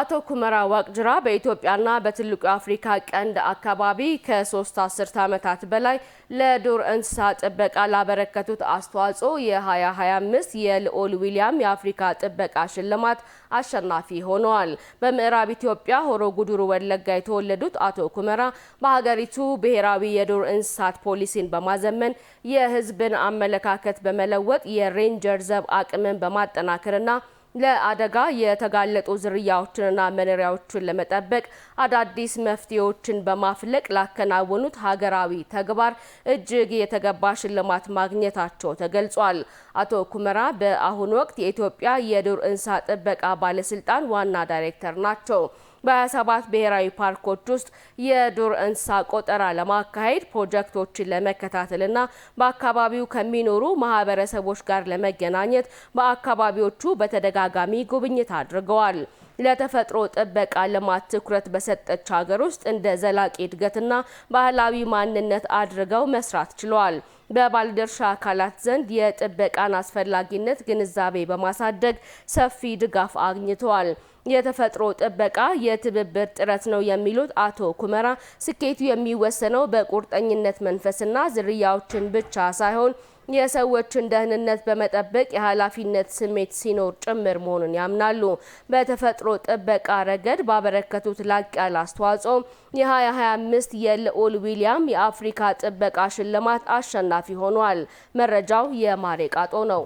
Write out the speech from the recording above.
አቶ ኩመራ ዋቅጅራ በኢትዮጵያና በትልቁ የአፍሪካ ቀንድ አካባቢ ከሶስት አስርት ዓመታት በላይ ለዱር እንስሳ ጥበቃ ላበረከቱት አስተዋጽኦ የ2025 የልዑል ዊሊያም የአፍሪካ ጥበቃ ሽልማት አሸናፊ ሆነዋል። በምዕራብ ኢትዮጵያ ሆሮ ጉዱሩ ወለጋ የተወለዱት አቶ ኩመራ በሀገሪቱ ብሔራዊ የዱር እንስሳት ፖሊሲን በማዘመን የሕዝብን አመለካከት በመለወጥ የሬንጀር ዘብ አቅምን በማጠናከርና ለአደጋ የተጋለጡ ዝርያዎችንና መኖሪያዎችን ለመጠበቅ አዳዲስ መፍትሄዎችን በማፍለቅ ላከናወኑት ሀገራዊ ተግባር እጅግ የተገባ ሽልማት ማግኘታቸው ተገልጿል። አቶ ኩመራ በአሁኑ ወቅት የኢትዮጵያ የዱር እንስሳ ጥበቃ ባለስልጣን ዋና ዳይሬክተር ናቸው። በሰባት ብሔራዊ ፓርኮች ውስጥ የዱር እንስሳ ቆጠራ ለማካሄድ ፕሮጀክቶችን ለመከታተልና በአካባቢው ከሚኖሩ ማህበረሰቦች ጋር ለመገናኘት በአካባቢዎቹ በተደጋጋሚ ጉብኝት አድርገዋል። ለተፈጥሮ ጥበቃ ልማት ትኩረት በሰጠች ሀገር ውስጥ እንደ ዘላቂ እድገትና ባህላዊ ማንነት አድርገው መስራት ችለዋል። በባለድርሻ አካላት ዘንድ የጥበቃን አስፈላጊነት ግንዛቤ በማሳደግ ሰፊ ድጋፍ አግኝተዋል። የተፈጥሮ ጥበቃ የትብብር ጥረት ነው የሚሉት አቶ ኩመራ ስኬቱ የሚወሰነው በቁርጠኝነት መንፈስና ዝርያዎችን ብቻ ሳይሆን የሰዎችን ደህንነት በመጠበቅ የኃላፊነት ስሜት ሲኖር ጭምር መሆኑን ያምናሉ። በተፈጥሮ ጥበቃ ረገድ ባበረከቱት ላቅ ያለ አስተዋጽኦ የ2025 የልዑል ዊሊያም የአፍሪካ ጥበቃ ሽልማት አሸናፊ ሆኗል። መረጃው የማሬ ቃጦ ነው።